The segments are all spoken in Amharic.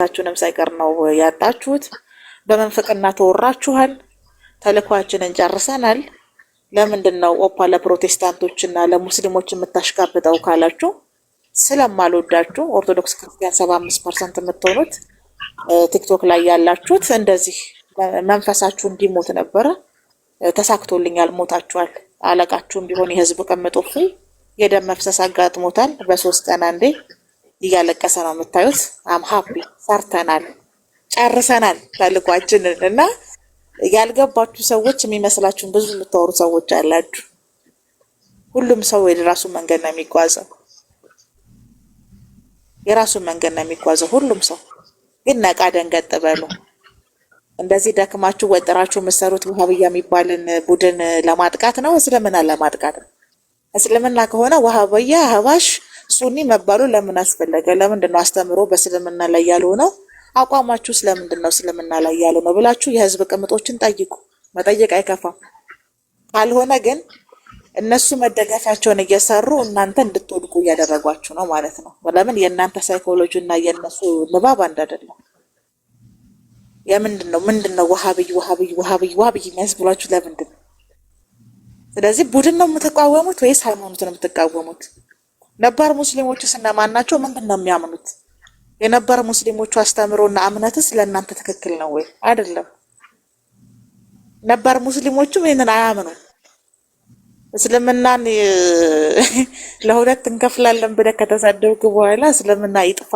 ታችሁንም ሳይቀር ነው ያጣችሁት። በመንፈቅና ተወራችኋል። ተልኳችንን ጨርሰናል። ለምንድን ነው ኦፓ ለፕሮቴስታንቶችና ለሙስሊሞች የምታሽቃብጠው ካላችሁ ስለማልወዳችሁ ኦርቶዶክስ ክርስቲያን ሰባ አምስት ፐርሰንት የምትሆኑት ቲክቶክ ላይ ያላችሁት እንደዚህ መንፈሳችሁ እንዲሞት ነበረ። ተሳክቶልኛል። ሞታችኋል። አለቃችሁም ቢሆን የህዝብ ቅምጦ የደም መፍሰስ አጋጥሞታል። በሶስት ቀን አንዴ እያለቀሰ ነው የምታዩት። አም ሀፒ ሰርተናል፣ ጨርሰናል ተልኳችንን እና ያልገባችሁ ሰዎች የሚመስላችሁን ብዙ የምታወሩ ሰዎች አላችሁ። ሁሉም ሰው የራሱ መንገድ ነው የሚጓዘው፣ የራሱን መንገድ ነው የሚጓዘው ሁሉም ሰው ግን ነቃ ደንገጥ በሉ። እንደዚህ ደክማችሁ ወጥራችሁ የምትሰሩት ውሃብያ የሚባልን ቡድን ለማጥቃት ነው? እስልምና ለማጥቃት ነው? እስልምና ከሆነ ውሃብያ አህባሽ ሱኒ መባሉ ለምን አስፈለገ? ለምንድን ነው አስተምሮ በእስልምና ላይ ያልሆነው? አቋማችሁ ስለምንድን ነው እስልምና ላይ ያልሆነው ብላችሁ የህዝብ ቅምጦችን ጠይቁ። መጠየቅ አይከፋም። ካልሆነ ግን እነሱ መደገፊያቸውን እየሰሩ እናንተ እንድትወድቁ እያደረጓችሁ ነው ማለት ነው። ለምን የእናንተ ሳይኮሎጂ እና የእነሱ ንባብ አንድ አይደለም። የምንድን ነው ምንድን ነው ውሃብይ ውሃብይ ውሃብይ ውሃብይ የሚያስብሏችሁ ለምንድን ነው? ስለዚህ ቡድን ነው የምትቃወሙት ወይስ ሃይማኖት ነው የምትቃወሙት? ነባር ሙስሊሞችስ እነማን ናቸው? ምንድን ነው የሚያምኑት? የነባር ሙስሊሞቹ አስተምሮና እምነትስ ለእናንተ ትክክል ነው ወይ አይደለም? ነባር ሙስሊሞቹም ይህንን አያምኑም። እስልምናን ለሁለት እንከፍላለን ብለህ ከተሳደብክ በኋላ እስልምና ይጥፋ፣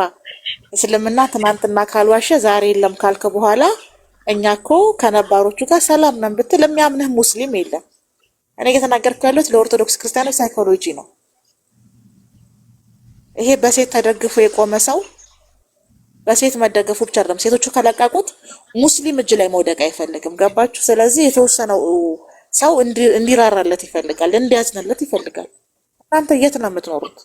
እስልምና ትናንትና ካልዋሸ ዛሬ የለም ካልክ በኋላ እኛ እኮ ከነባሮቹ ጋር ሰላም ነን ብትል የሚያምንህ ሙስሊም የለም። እኔ እየተናገርኩ ያለሁት ለኦርቶዶክስ ክርስቲያኖች ሳይኮሎጂ ነው። ይሄ በሴት ተደግፎ የቆመ ሰው በሴት መደገፉ ብቻ አይደለም፣ ሴቶቹ ከለቀቁት ሙስሊም እጅ ላይ መውደቅ አይፈልግም። ገባችሁ? ስለዚህ የተወሰነው ሰው እንዲራራለት ይፈልጋል፣ እንዲያዝንለት ይፈልጋል። እናንተ የት ነው የምትኖሩት?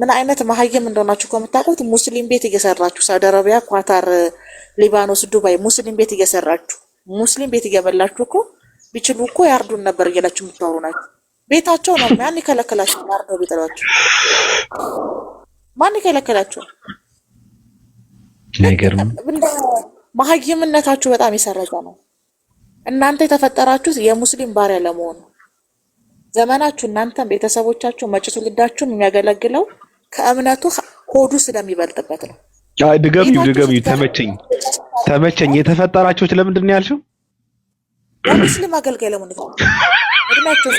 ምን አይነት መሀይም እንደሆናችሁ ከምታውቁት ሙስሊም ቤት እየሰራችሁ ሳውዲ አረቢያ፣ ኳታር፣ ሊባኖስ፣ ዱባይ ሙስሊም ቤት እየሰራችሁ ሙስሊም ቤት እየበላችሁ እኮ ቢችሉ እኮ ያርዱን ነበር እያላችሁ የምታወሩ ናቸው። ቤታቸው ነው። ማን ይከለከላቸው? ነው ቢጥሏቸው ማን ይከለከላቸው? ነገርም መሀይምነታችሁ በጣም የሰረቀ ነው። እናንተ የተፈጠራችሁት የሙስሊም ባሪያ ለመሆኑ ዘመናችሁ እናንተም ቤተሰቦቻችሁ መጭ ትውልዳችሁም የሚያገለግለው ከእምነቱ ሆዱ ስለሚበልጥበት ነው። አይ ድገሚው ድገሚው። ተመቸኝ ተመቸኝ። የተፈጠራችሁት ለምንድን ነው ያልሽው? ለሙስሊም አገልጋይ ለመሆኑ እድሜያችሁ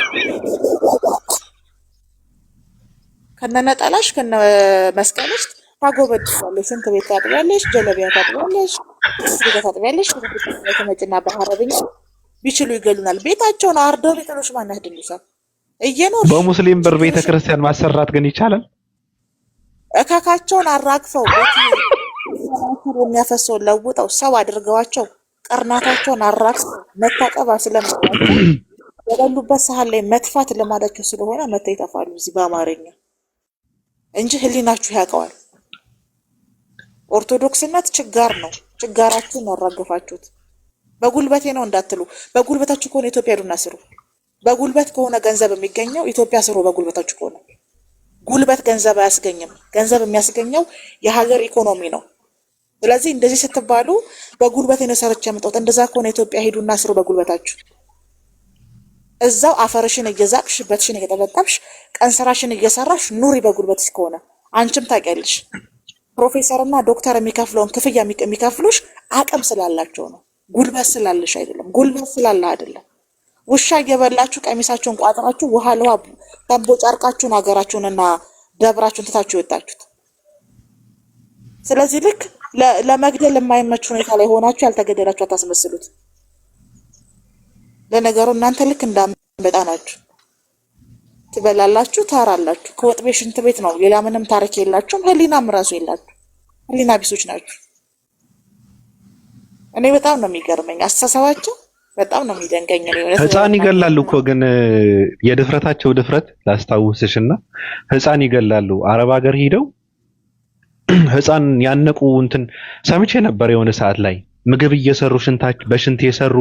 ከነነጠላሽ ከነመስቀልሽ ታጎበድሻለሽ። ሽንት ቤት ታጥቢያለሽ፣ ጀለቢያ ታጥቢያለሽ፣ ስጋ ታጥቢያለሽ። ተመጭና በአረብኛ ቢችሉ ይገሉናል። ቤታቸውን አርደው ቤተሎች ማን ያድኑሻል? እየኖር በሙስሊም ብር ቤተክርስቲያን ማሰራት ግን ይቻላል። እካካቸውን አራግፈው የሚያፈሰው ለውጠው ሰው አድርገዋቸው ቀርናታቸውን አራግፈው መታቀባ ስለምጠዋቸው በበሉበት ሰሃን ላይ መጥፋት ለማለቸው ስለሆነ መታ ይጠፋሉ እዚህ በአማርኛ እንጂ ህሊናችሁ ያውቀዋል። ኦርቶዶክስነት ችጋር ነው። ችጋራችሁን ያራገፋችሁት በጉልበቴ ነው እንዳትሉ። በጉልበታችሁ ከሆነ ኢትዮጵያ ሄዱና ስሩ። በጉልበት ከሆነ ገንዘብ የሚገኘው ኢትዮጵያ ስሩ። በጉልበታችሁ ከሆነ ጉልበት ገንዘብ አያስገኝም። ገንዘብ የሚያስገኘው የሀገር ኢኮኖሚ ነው። ስለዚህ እንደዚህ ስትባሉ በጉልበት ነው ሰርቼ ያመጣሁት፣ እንደዛ ከሆነ ኢትዮጵያ ሄዱና ስሩ በጉልበታችሁ። እዛው አፈርሽን እየዛቅሽ በትሽን እየጠበጠብሽ ቀን ስራሽን እየሰራሽ ኑሪ በጉልበት ከሆነ አንቺም ታውቂያለሽ ፕሮፌሰርና ዶክተር የሚከፍለውን ክፍያ የሚከፍሉሽ አቅም ስላላቸው ነው፣ ጉልበት ስላለሽ አይደለም። ጉልበት ስላለ አይደለም። ውሻ እየበላችሁ ቀሚሳችሁን ቋጥራችሁ ውሃ ለውሃ ከምቦ ጨርቃችሁን ሀገራችሁንና ደብራችሁን ትታችሁ የወጣችሁት። ስለዚህ ልክ ለመግደል የማይመች ሁኔታ ላይ ሆናችሁ ያልተገደላችሁ አታስመስሉት። ለነገሩ እናንተ ልክ እንዳንበጣ ናችሁ። ትበላላችሁ፣ ታራላችሁ። ከወጥ ቤት ሽንት ቤት ነው። ሌላ ምንም ታሪክ የላችሁም። ህሊናም ራሱ የላችሁ። ህሊና ቢሶች ናችሁ። እኔ በጣም ነው የሚገርመኝ አስተሳሰባቸው። በጣም ነው የሚደንቀኝ። ህፃን ይገላሉ እኮ ግን የድፍረታቸው ድፍረት ላስታውስሽ እና ህፃን ይገላሉ። አረብ ሀገር ሂደው ህፃን ያነቁ እንትን ሰምቼ ነበር የሆነ ሰዓት ላይ ምግብ እየሰሩ ሽንታች በሽንት የሰሩ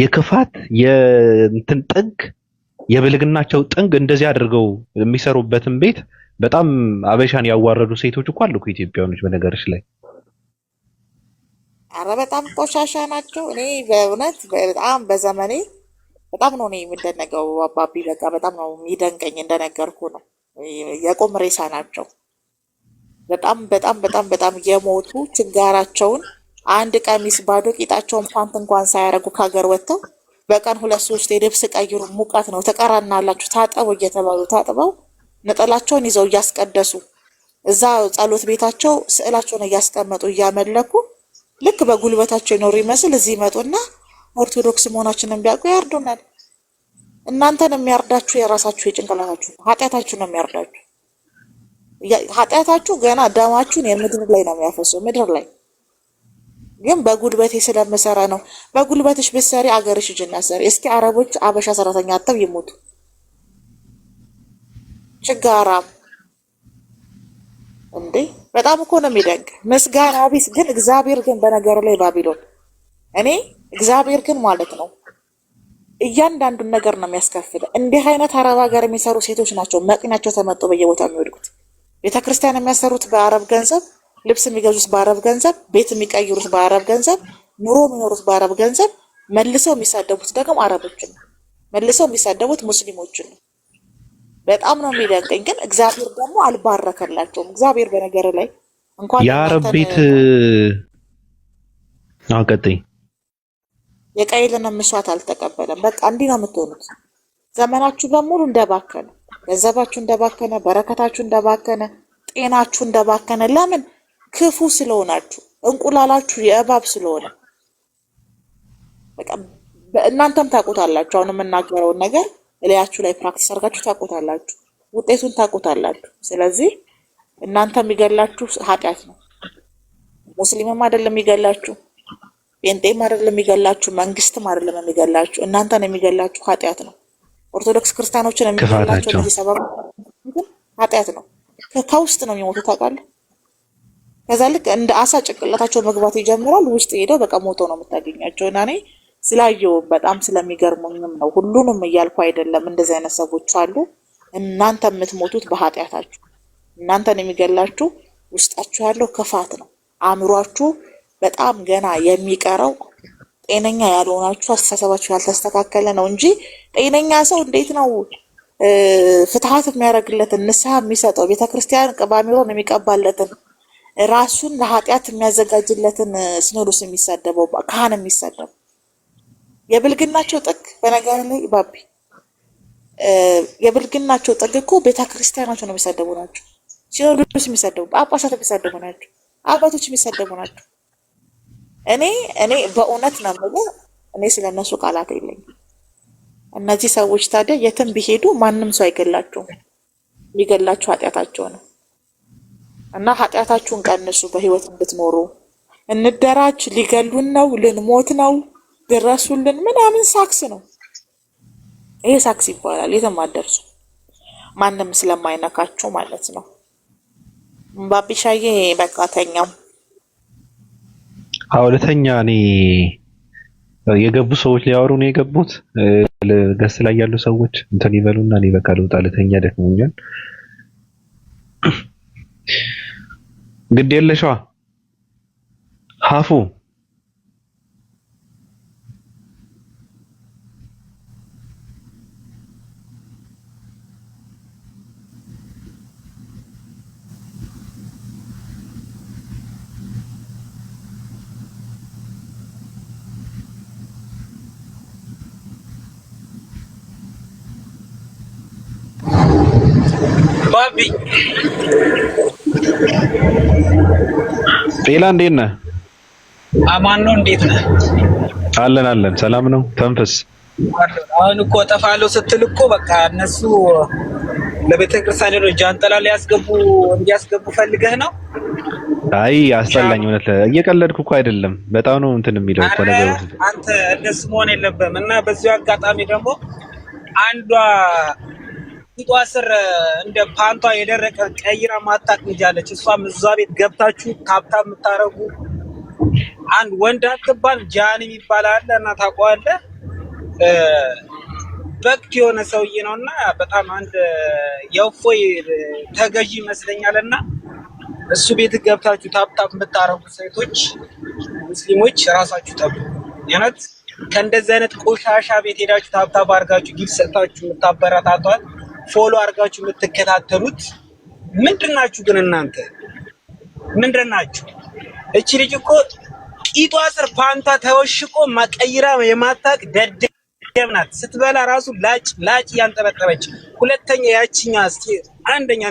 የክፋት የእንትን ጥግ የብልግናቸው ጥንግ እንደዚህ አድርገው የሚሰሩበትን ቤት በጣም አበሻን ያዋረዱ ሴቶች እኮ አሉ ኢትዮጵያኖች። በነገርሽ ላይ አረ በጣም ቆሻሻ ናቸው። እኔ በእውነት በጣም በዘመኔ በጣም ነው እኔ የምደነገው። አባቢ በቃ በጣም ነው የሚደንቀኝ። እንደነገርኩ ነው የቁም ሬሳ ናቸው። በጣም በጣም በጣም በጣም የሞቱ ችጋራቸውን አንድ ቀሚስ ባዶ ቂጣቸውን ፓንት እንኳን ሳያደርጉ ከሀገር ወጥተው በቀን ሁለት ሶስት የልብስ ቀይሩ፣ ሙቀት ነው ተቀራናላችሁ፣ ታጠቡ እየተባሉ ታጥበው ነጠላቸውን ይዘው እያስቀደሱ እዛ ጸሎት ቤታቸው ስዕላቸውን እያስቀመጡ እያመለኩ ልክ በጉልበታቸው ይኖሩ ይመስል እዚህ ይመጡና ኦርቶዶክስ መሆናችንን ቢያውቁ ያርዱናል። እናንተን የሚያርዳችሁ የራሳችሁ የጭንቅላታችሁ ኃጢአታችሁ ነው የሚያርዳችሁ። ኃጢአታችሁ ገና ደማችሁን የምድር ላይ ነው የሚያፈሰው ምድር ላይ ግን በጉልበቴ ስለምሰራ ነው። በጉልበትሽ ብትሰሪ አገርሽ ጅና ሰሪ። እስኪ አረቦች አበሻ ሰራተኛ አጥተው ይሞቱ ችጋራም እንዴ! በጣም እኮ ነው የሚደንቅ። ምስጋና ቢስ ግን እግዚአብሔር ግን በነገሩ ላይ ባቢሎን እኔ እግዚአብሔር ግን ማለት ነው እያንዳንዱን ነገር ነው የሚያስከፍለ። እንዲህ አይነት አረብ ሀገር የሚሰሩ ሴቶች ናቸው መቅኛቸው ተመጦ በየቦታው የሚወድቁት። ቤተክርስቲያን የሚያሰሩት በአረብ ገንዘብ ልብስ የሚገዙት በአረብ ገንዘብ፣ ቤት የሚቀይሩት በአረብ ገንዘብ፣ ኑሮ የሚኖሩት በአረብ ገንዘብ፣ መልሰው የሚሳደቡት ደግሞ አረቦችን ነው። መልሰው የሚሳደቡት ሙስሊሞችን ነው። በጣም ነው የሚደንቀኝ። ግን እግዚአብሔር ደግሞ አልባረከላቸውም። እግዚአብሔር በነገር ላይ እንኳን የአረብ ቤት አቀጠኝ የቀይልን ምስዋት አልተቀበለም። በቃ እንዲህ ነው የምትሆኑት። ዘመናችሁ በሙሉ እንደባከነ፣ ገንዘባችሁ እንደባከነ፣ በረከታችሁ እንደባከነ፣ ጤናችሁ እንደባከነ ለምን ክፉ ስለሆናችሁ እንቁላላችሁ የእባብ ስለሆነ በቃ እናንተም ታቆታላችሁ። አሁን የምናገረውን ነገር እላያችሁ ላይ ፕራክቲስ አድርጋችሁ ታቆታላችሁ፣ ውጤቱን ታቆታላችሁ። ስለዚህ እናንተ የሚገላችሁ ኃጢአት ነው። ሙስሊምም አይደለም የሚገላችሁ፣ ጴንጤም አይደለም የሚገላችሁ፣ መንግስትም አይደለም የሚገላችሁ። እናንተን የሚገላችሁ ኃጢአት ነው። ኦርቶዶክስ ክርስቲያኖችን የሚገላቸው ሰባ ኃጢአት ነው። ከውስጥ ነው የሚሞቱ ታውቃለህ። ከዛ ልክ እንደ አሳ ጭንቅላታቸው መግባት ይጀምራል። ውስጥ ሄደው በቃ ሞቶ ነው የምታገኛቸው። እና እኔ ስላየውም በጣም ስለሚገርሙኝም ነው። ሁሉንም እያልኩ አይደለም። እንደዚህ አይነት ሰዎች አሉ። እናንተ የምትሞቱት በኃጢአታችሁ፣ እናንተን የሚገላችሁ ውስጣችሁ ያለው ክፋት ነው። አእምሯችሁ በጣም ገና የሚቀረው ጤነኛ ያልሆናችሁ አስተሳሰባችሁ ያልተስተካከለ ነው እንጂ ጤነኛ ሰው እንዴት ነው ፍትሀት የሚያደርግለትን ንስሐ የሚሰጠው ቤተክርስቲያን ቅባሚሮን የሚቀባለትን ራሱን ለኃጢአት የሚያዘጋጅለትን ሲኖዶስ የሚሳደበው ካህን የሚሳደበው የብልግናቸው ጥግ በነገር ላይ ባቢ የብልግናቸው ጥግ እኮ ቤተ ክርስቲያናቸው ነው የሚሳደቡ ናቸው። ሲኖዶስ የሚሳደቡ ጳጳሳት የሚሳደቡ ናቸው። አባቶች የሚሳደቡ ናቸው። እኔ እኔ በእውነት ነው የምልህ፣ እኔ ስለነሱ ቃላት የለኝም። እነዚህ ሰዎች ታዲያ የትም ቢሄዱ ማንም ሰው አይገላቸውም። የሚገላቸው ኃጢአታቸው ነው። እና ኃጢአታችሁን ቀንሱ በህይወት እንድትኖሩ። እንደራች ሊገሉን ነው፣ ልንሞት ነው፣ ድረሱልን ምናምን ሳክስ ነው። ይሄ ሳክስ ይባላል። የትም አትደርሱ፣ ማንም ስለማይነካችሁ ማለት ነው። ባቢሻዬ በቃ ተኛም አውለተኛ እኔ የገቡ ሰዎች ሊያወሩ ነው የገቡት። ገስ ላይ ያሉ ሰዎች እንትን ይበሉና እኔ በቃ ልውጣ ልተኛ፣ ደክሞኛል። ግድ የለሽዋ ሀፉ ባቢ ጤላ እንዴት ነህ? አማን ነው። እንዴት ነህ? አለን አለን፣ ሰላም ነው። ተንፍስ። አሁን እኮ ጠፋለሁ ስትል እኮ በቃ እነሱ ለቤተ ክርስቲያን ነው ጃንጥላ ሊያስገቡ እንዲያስገቡ ፈልገህ ነው? አይ አስጠላኝ፣ እውነት እየቀለድኩ እኮ አይደለም። በጣም ነው እንትን የሚለው እኮ ነገር። አንተ እንደሱ መሆን የለብህም እና በዚሁ አጋጣሚ ደግሞ አንዷ ቂጧ ስር እንደ ፓንቷ የደረቀ ቀይራ ማታቅ ልጃለች። እሷም እዛ ቤት ገብታችሁ ካብታ የምታረጉ አንድ ወንድ አትባል ጃን የሚባል አለ እና ታውቀዋለህ። በቅት የሆነ ሰውዬ ነው እና በጣም አንድ የእፎይ ተገዢ ይመስለኛል። እና እሱ ቤት ገብታችሁ ታብታብ የምታረጉ ሴቶች ሙስሊሞች ራሳችሁ ጠብቁ። እውነት ከእንደዚህ አይነት ቆሻሻ ቤት ሄዳችሁ ታብታብ አድርጋችሁ ጊፍት ሰጥታችሁ የምታበረታቷል ፎሎ አድርጋችሁ የምትከታተሉት ምንድናችሁ? ግን እናንተ ምንድናችሁ? እቺ ልጅ እኮ ቂጧ ስር ፓንታ ተወሽቆ መቀይራ የማታቅ ደደብ ናት። ስትበላ ራሱ ላጭ ላጭ እያንጠበጠበች። ሁለተኛ ያችኛ ስ አንደኛ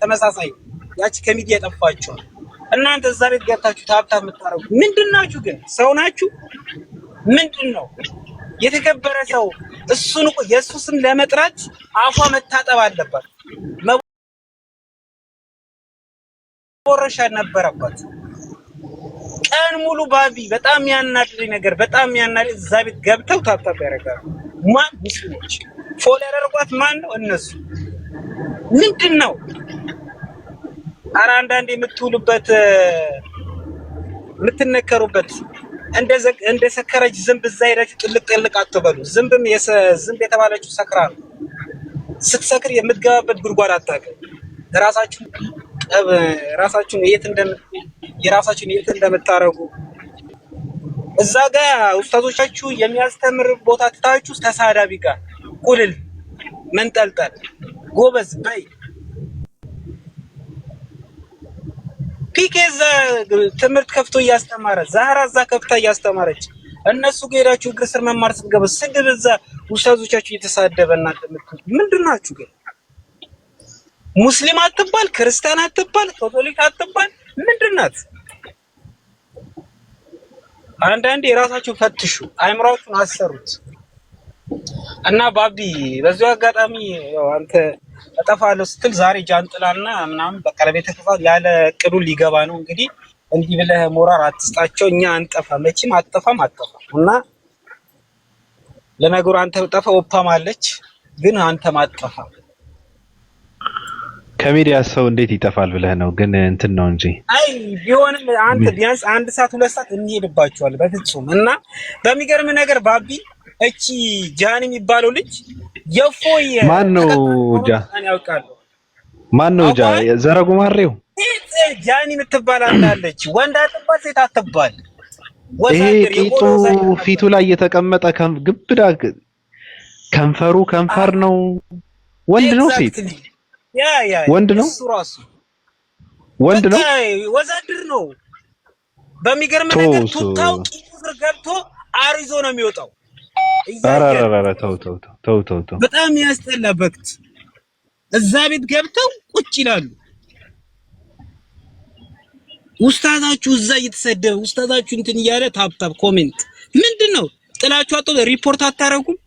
ተመሳሳይ ያች ከሚዲያ የጠፋችኋል። እናንተ እዛ ቤት ገብታችሁ ታብታ ምንድን ምንድናችሁ? ግን ሰው ናችሁ ምንድን ነው? የተከበረ ሰው እሱን የእሱ ስም ለመጥራት አፏ መታጠብ አለባት፣ መቦረሻ ነበረባት። ቀን ሙሉ ባቢ፣ በጣም ያናድሪ ነገር፣ በጣም ያናድሪ። እዛ ቤት ገብተው ታብታብ ያደርጋሉ። ማን ሙስሊሞች ፎል ያደረጓት ማን ነው? እነሱ ምንድን ነው? ኧረ አንዳንድ የምትውሉበት የምትነከሩበት እንደ ሰከረች ዝንብ እዛ ሄዳችሁ ጥልቅ ጥልቅ አትበሉ። ዝንብም ዝንብ የተባለችው ሰክራ ነው። ስትሰክር የምትገባበት ጉድጓድ አታውቅም። ራሳችሁን ጠብ ራሳችሁን የት እንደም የራሳችሁን የት እንደምታረጉ እዛ ጋ ኡስታዞቻችሁ የሚያስተምር ቦታ ትታችሁ ተሳዳቢ ጋር ቁልል መንጠልጠል ጎበዝ በይ ፒኬ እዛ ትምህርት ከፍቶ እያስተማረ ዛህራ እዛ ከፍታ እያስተማረች እነሱ ከሄዳችሁ እግር ስር መማር ስትገባ ስድብ እዛ ውሻዞቻችሁ እየተሳደበ እናንተ ምንድን ናችሁ ግን? ሙስሊም አትባል፣ ክርስቲያን አትባል፣ ካቶሊክ አትባል ምንድን ናት? አንዳንዴ የራሳችሁ ፈትሹ፣ አይምሯችሁን አሰሩት እና ባቢ በዚሁ አጋጣሚ አንተ እጠፋለሁ ስትል ዛሬ ጃንጥላና ምናምን በቃ ለቤተክርስቲያን ያለ ቅዱ ሊገባ ነው። እንግዲህ እንዲህ ብለህ ሞራር አትስጣቸው። እኛ አንጠፋ መቼም አጠፋም አጠፋም እና ለነገሩ አንተ ጠፋ ኦፓም አለች ግን አንተ ማጠፋ ከሚዲያ ሰው እንዴት ይጠፋል ብለህ ነው። ግን እንትን ነው እንጂ አይ ቢሆንም አንተ ቢያንስ አንድ ሰዓት ሁለት ሰዓት እንሄድባቸዋል በፍጹም እና በሚገርም ነገር ባቢ እቺ ጃን የሚባለው ልጅ የፎይ ማን ነው? ጃ ማን ነው? ጃ ዘረጉ ማሬው ጃን የምትባል አንዳለች። ወንድ አትባል፣ ሴት አትባል። ይሄ ቂጡ ፊቱ ላይ የተቀመጠ ግብዳ ከንፈሩ ከንፈር ነው። ወንድ ነው ሴት? ያ ያ ወንድ ነው። ራሱ ወንድ ነው። ወዛድር ነው። በሚገርም ነገር ቱታው ቂጡ ስር ገብቶ አሪዞ ነው የሚወጣው በጣም ያስጠላ በክት እዛ ቤት ገብተው ቁጭ ይላሉ። ውስታዛችሁ እዛ እየተሰደበ ውስታዛችሁ እንትን እያለ ታብታብ ኮሜንት ምንድን ነው ጥላችሁ አጥቶ ሪፖርት አታረጉም?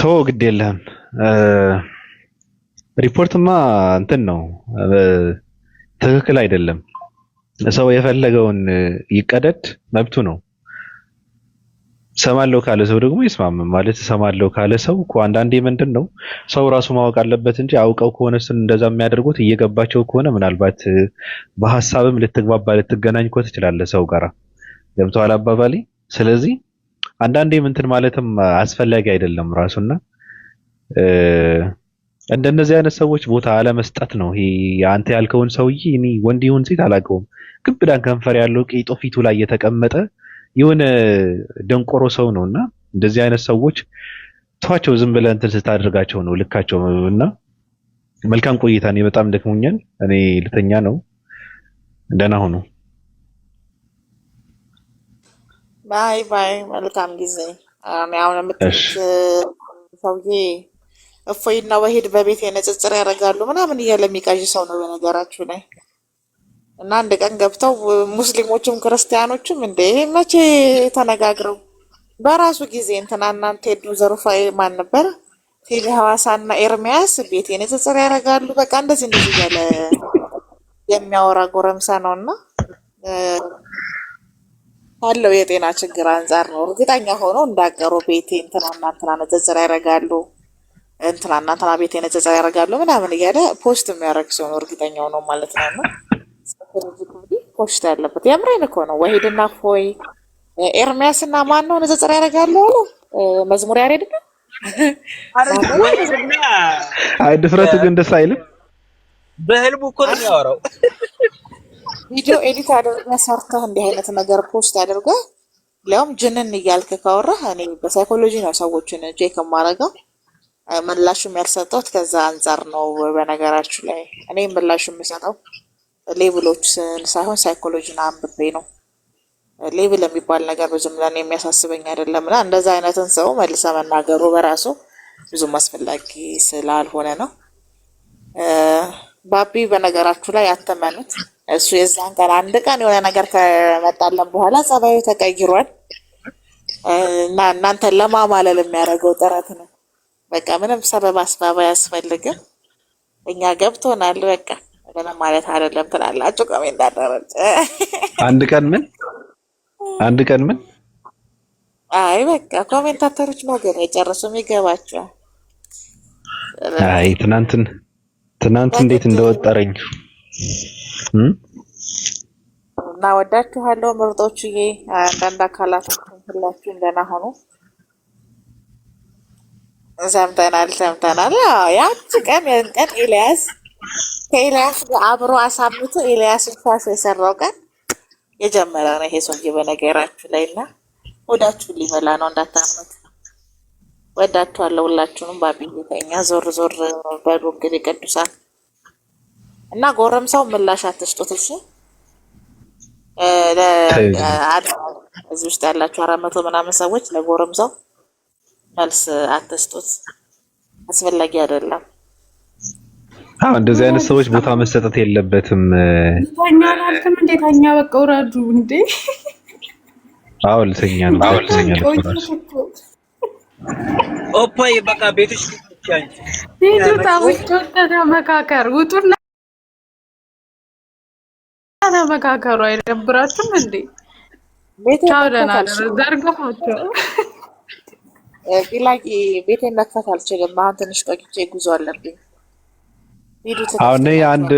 ተወው ግድ የለም። ሪፖርትማ እንትን ነው፣ ትክክል አይደለም። ሰው የፈለገውን ይቀደድ መብቱ ነው። ሰማለው ካለ ሰው ደግሞ ይስማም ማለት ሰማለው ካለ ሰው እኮ አንዳንዴ ምንድን ነው ሰው ራሱ ማወቅ አለበት እንጂ አውቀው ከሆነ ስን እንደዛ የሚያደርጉት እየገባቸው ከሆነ ምናልባት በሀሳብም ልትግባባ ልትገናኝ እኮ ትችላለህ ሰው ጋራ ገብቶሃል አባባሌ። ስለዚህ አንዳንዴ ምንትን ማለትም አስፈላጊ አይደለም ራሱና እንደነዚህ አይነት ሰዎች ቦታ አለመስጠት ነው። ይሄ አንተ ያልከውን ሰውዬ እኔ ወንድ ይሁን ሴት አላውቀውም፣ ግብዳን ከንፈር ያለው ቄጦ ፊቱ ላይ የተቀመጠ የሆነ ደንቆሮ ሰው ነው እና እንደዚህ አይነት ሰዎች ተዋቸው፣ ዝም ብለህ እንትን ስታደርጋቸው ነው ልካቸው። እና መልካም ቆይታ። እኔ በጣም ደክሞኛል፣ እኔ ልተኛ ነው። ደህና ሁኑ። ባይ ባይ። መልካም ጊዜ። አሁን የምትሰውዬ እፎይና ወሂድ በቤት የንጽጽር ያደርጋሉ ምናምን እያለ የሚቃዥ ሰው ነው በነገራችሁ ላይ እና አንድ ቀን ገብተው ሙስሊሞቹም ክርስቲያኖቹም እንደ መቼ ተነጋግረው በራሱ ጊዜ እንትና እናንተ ቴዱ ዘሩፋዬ ማን ነበር ቴዲ ሐዋሳና ኤርሚያስ ቤት የንጽጽር ያደርጋሉ። በቃ እንደዚህ እንደዚህ እያለ የሚያወራ ጎረምሳ ነው እና ካለው የጤና ችግር አንጻር ነው እርግጠኛ ሆነው እንዳቀሩ ቤቴ እንትና እናንትና ንጽጽር ያደርጋሉ እንትና እናንተና ቤት የነጸጸር ያደርጋሉ ምናምን እያለ ፖስት የሚያደርግ ሰው እርግጠኛው ነው ማለት ነው። ፖስት ያለበት የምሬን እኮ ነው። ወሂድና ፎይ ኤርሚያስ እና ማን ነው ንጽጽር ያደርጋሉ አሉ። መዝሙር ያሬድ አይ ድፍረቱ ግን ደስ አይልም። በህልቡ እኮ ነው የሚያወራው። ቪዲዮ ኤዲት አድርገህ ሰርተህ እንዲህ አይነት ነገር ፖስት አድርገህ ሊያውም ጅንን እያልክ ካወራህ እኔ በሳይኮሎጂ ነው ሰዎችን ቼክ የማደርገው ምላሹም ያልሰጠሁት ከዛ አንጻር ነው። በነገራችሁ ላይ እኔ ምላሹ የምሰጠው ሌቭሎች ሳይሆን ሳይኮሎጂን አንብቤ ነው። ሌቭል የሚባል ነገር ብዙም ለእኔ የሚያሳስበኝ አይደለም እና እንደዛ አይነትን ሰው መልሰ መናገሩ በራሱ ብዙም አስፈላጊ ስላልሆነ ነው። ባቢ በነገራችሁ ላይ ያተመኑት እሱ የዛን ቀን አንድ ቀን የሆነ ነገር ከመጣለን በኋላ ጸባዩ ተቀይሯል እና እናንተን ለማማለል የሚያደርገው ጥረት ነው። በቃ ምንም ሰበብ አስባብ አያስፈልግም። እኛ ገብቶናል። በቃ ምንም ማለት አይደለም ትላላችሁ። ቆሜ እንዳደረጭ አንድ ቀን ምን አንድ ቀን ምን አይ በቃ ኮሜንታተሮች ማገር አይጨርሱም፣ ይገባቸዋል። አይ ትናንትን ትናንት እንዴት እንደወጠረኝ እና ወዳችኋለሁ ይሄ አንዳንድ አካላት ሁላችሁም ደህና ሆኑ። ሰምተናል ሰምተናል። ያቺ ቀን ያን ቀን ኤልያስ ከኤልያስ አብሮ አሳምቶ ኤልያስ ፋስ የሰራው ቀን የጀመረ ነው። ይሄ ሰውዬ በነገራችሁ ላይ እና ወዳችሁ ሊበላ ነው እንዳታምኑት። ወዳችኋለሁ ሁላችሁንም። ባቢተኛ ዞር ዞር በሉ እንግዲህ ቅዱሳን እና ጎረምሳው ምላሽ አትስጡት እሺ። እዚህ ውስጥ ያላችሁ አራት መቶ ምናምን ሰዎች ለጎረምሳው መልስ አትስጡት፣ አስፈላጊ አይደለም። አዎ እንደዚህ አይነት ሰዎች ቦታ መሰጠት የለበትም። ታኛ አላልክም እንዴ? ታኛ በቃ ውረዱ እንዴ! አዎ ልተኛ ነው። አዎ ልተኛ ነው። ኦፓዬ በቃ ቤትሽ ይቻል ቤቱ ታውስ ተወደደ መካከር ውጡና ተመካከሩ። አይደብራችሁም እንዴ? ቤት ታውደናል ዘርግፋቸው ቢላይ ቤቴን መክፈት አልችልም። አሁን ትንሽ ቆይቼ ጉዞ አለብኝ። አሁን አንድ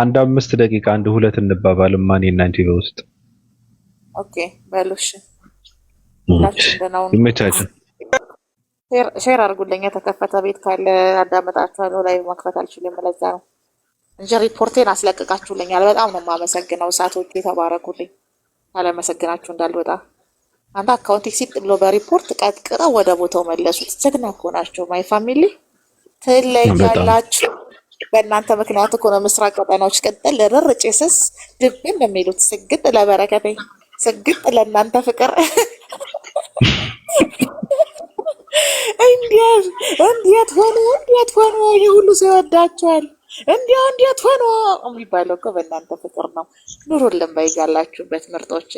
አንድ አምስት ደቂቃ አንድ ሁለት እንባባል ማን እናንቺ በውስጥ ኦኬ በሉሽ። ይመቻችሁ። ሼር አድርጉልኝ። የተከፈተ ቤት ካለ አዳመጣችኋለሁ። ላይ መክፈት አልችልም። ለዛ ነው እንጂ ሪፖርቴን አስለቅቃችሁልኛል። በጣም ነው የማመሰግነው። እሳቶቹ የተባረኩልኝ። አለመሰግናችሁ እንዳልወጣ አንድ አካውንት ሲጥሎ ብሎ በሪፖርት ቀጥቅጠው ወደ ቦታው መለሱት። ጀግና እኮ ናቸው። ማይ ፋሚሊ ትለያላችሁ። በእናንተ ምክንያት እኮ ነው ምስራቅ ቀጠናዎች ቅጥል ርር ጭስስ ድብን የሚሉት። ስግጥ ለበረከተኝ፣ ስግጥ ለእናንተ ፍቅር እንዴት እንዴት ሆኖ እንዴት ሆኖ ይህ ሁሉ ሰው ይወዳቸዋል። እንዲያው እንዴት ሆኖ የሚባለው እኮ በእናንተ ፍቅር ነው። ኑሩልን በይጋላችሁበት ምርጦቼ።